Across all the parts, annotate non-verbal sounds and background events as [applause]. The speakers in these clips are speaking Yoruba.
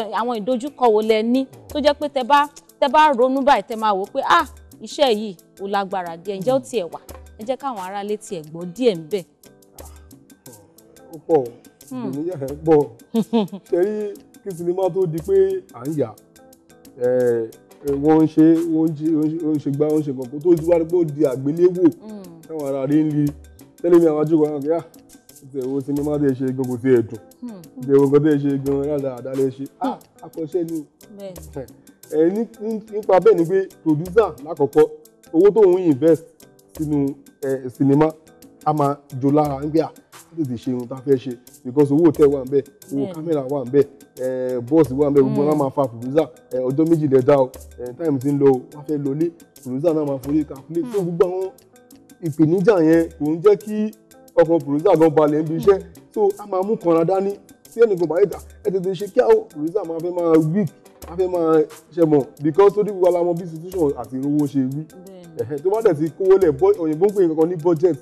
àwọn ìdojúkọ wo lẹ ní tó jẹ́ pé tẹ bá tẹ bá ronú báyìí tẹ máa wò pé ah iṣẹ́ yìí ò lágbára díẹ̀ ǹjẹ́ ó tiẹ̀ wà ẹ jẹ́ káwọn aráalé tiẹ̀ gbọ́ díẹ̀ ń bẹ̀. ó pọ̀ ìpèníjà hmm. ẹ̀ pọ̀ [laughs] ṣẹ́rí kí sinimá tó di pé à ń yà wọ́n ń ṣe wọ́n ń ṣe gbá wọ́n ń ṣe kọ̀ọ̀kan tó wá pé ó di àgbéléwò hmm. táwọn ará rí ń li tẹ́lẹ̀ mi àwọn ajókòó àwọn kìí ah, ìṣèwò sinimá tó yẹ ṣe gan kò tí ẹ dùn ìṣèwò hmm. kan tó yẹ ṣe gan yàrá àdálẹ ṣe ah akọṣẹ hmm. ni ẹ nípa bẹ́ẹ̀ ni pé producer lákọ̀ọ́kọ́ owó tóun invest sínú sinimá a máa jò lára ń gbé à tètè ṣe ohun tá a fẹ́ ṣe because owó tẹ̀ wà ń bẹ̀ owó kámẹ́rà wà ń bẹ̀ bọ́ọ̀sì wà ń bẹ̀ gbogbo náà hmm. máa fa producer ọjọ́ méjì lẹ̀ o time ti ń lọ o wọ́n fẹ́ lọ lé producer náà máa forí calculate so gbogbo àwọn ìpèníjà yẹn kò ń jẹ́ kí ọkàn pòròsà gan balẹ̀ níbi iṣẹ́ so a máa mú kanra dání tí ẹnìkan bá yẹ dà ẹ tètè ṣe kí àwọn pòròsà máa fẹ́ máa weak máa fẹ́ máa ṣe mọ̀ because ó dìbò wa la mọ bí situation àti owó ṣe rí tó bá dẹ̀ ti kówó lẹ̀ òyìnbó ń pè kankan ní budget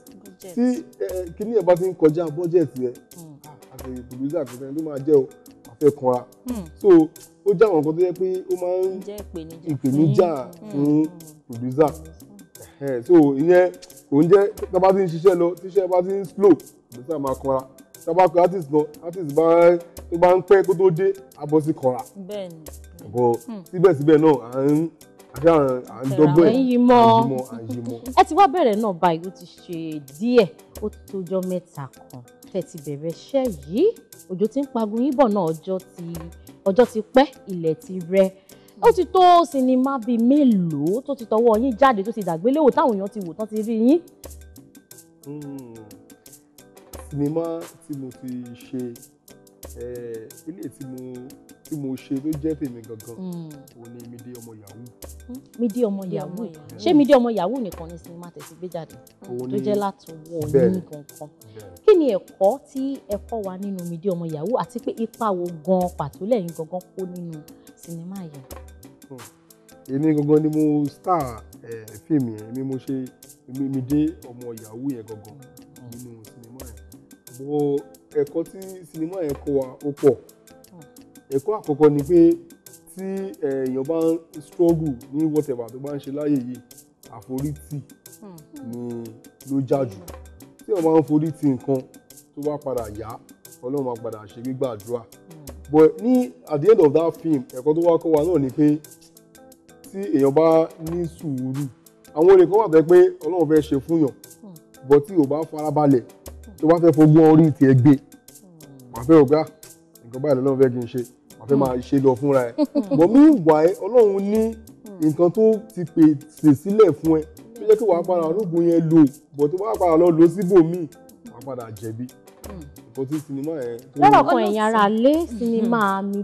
tí kíní ẹ̀ bá ti ń kọjá budget yẹ hmm. àti pòròsà kò sẹ́ni tó máa jẹ́ o àfẹ́ kanra hmm. so ó jẹ́ àwọn nǹkan tó yẹ pé ó máa ń ìpèníjà fún hmm. pòròsà so ìyẹn òun jẹ́ tá bá ti ń ṣiṣẹ́ lọ tíṣẹ́ bá ti ń slow ìgbésẹ̀ máa kanra tá bá kọ artist lọ artist bá tó bá ń pẹ́ kó tó dé abọ́ sí kanra. bẹ́ẹ̀ni. bọ síbẹ̀síbẹ̀ náà à ń àṣà à ń dọ́gbọ́n ẹ̀ à ń yí mọ́ à ń yí mọ́. ẹ ti wá bẹ̀rẹ̀ náà báyìí ó ti ṣe díẹ̀ ó tójọ́ mẹ́ta kan tẹ̀ bẹ̀rẹ̀ iṣẹ́ yìí òjò ti ń pagun yíbọ̀ náà ọjọ́ ti ọjọ́ ti pẹ́ ilẹ̀ ti rẹ̀ ó ti tó sinimá bíi mélòó tó ti tọwọ́ yín jáde tó ti dàgbéléwò táwọn èèyàn ti wò tán ti rí yín. Hmm. sinimá tí mo fi ṣe eh, ilé tí mo tí mo ṣe ló jẹ́ tèmi gangan hmm. òun ni Mídé ọmọ Yahoo. Mídé hmm. ọmọ Yahoo ṣé Mídé ọmọ Yahoo nìkan ni sinimá tẹ̀sí gbé jáde tó jẹ́ látọwọ́ yín gangan kí ni ẹ̀kọ́ tí ẹ kọ́ wa nínú Mídé ọmọ Yahoo àti pé ipa wo gan pàtó lẹ́yìn gangan kó nínú sinimá yìí èmi gangan ni mo star fíìmù yẹn èmi mo ṣe èmi mi dé ọmọ yahoo yẹn gangan nínú sinimá yẹn bó ẹ̀kọ́ tí sinimá yẹn kọ́ wa ó pọ̀ ẹ̀kọ́ àkọ́kọ́ ni pé tí èèyàn bá ń struggle ní whatever tó bá ń ṣe láyè yìí àforítì ni ló já jù tí èèyàn bá ń forítì nǹkan tó bá padà yá ọlọ́run máa padà ṣe gbígbàdúrà hmm. but ní at the end of that film ẹ̀kọ́ tó wá kọ́ wa náà ni pé tí èèyàn bá ní sùúrù àwọn olè kan wà tẹ́ pé ọlọ́run fẹ́ ṣe fún yàn bọ́ tí ò bá farabalẹ̀ tó bá fẹ́ fogbọ́n orí ti ẹ gbé wàá fẹ́ ọ̀gá ah, nǹkan báyìí lọ́lọ́run fẹ́ kí n ṣe wàá fẹ́ máa ṣe lọ fúnra ẹ̀ bọ́ mí wà ẹ́ ọlọ́run ní nǹkan tó ti pèsè sílẹ̀ fún ẹ tó jẹ́ kí wàá padà ológun yẹn lò bọ́ tó bá padà lọ lọ síbòmíì wàá padà jẹ̀bi nǹkan tí sinimá yẹn. lọ́rọ̀ kan ẹ̀yin ará lé sinimá mi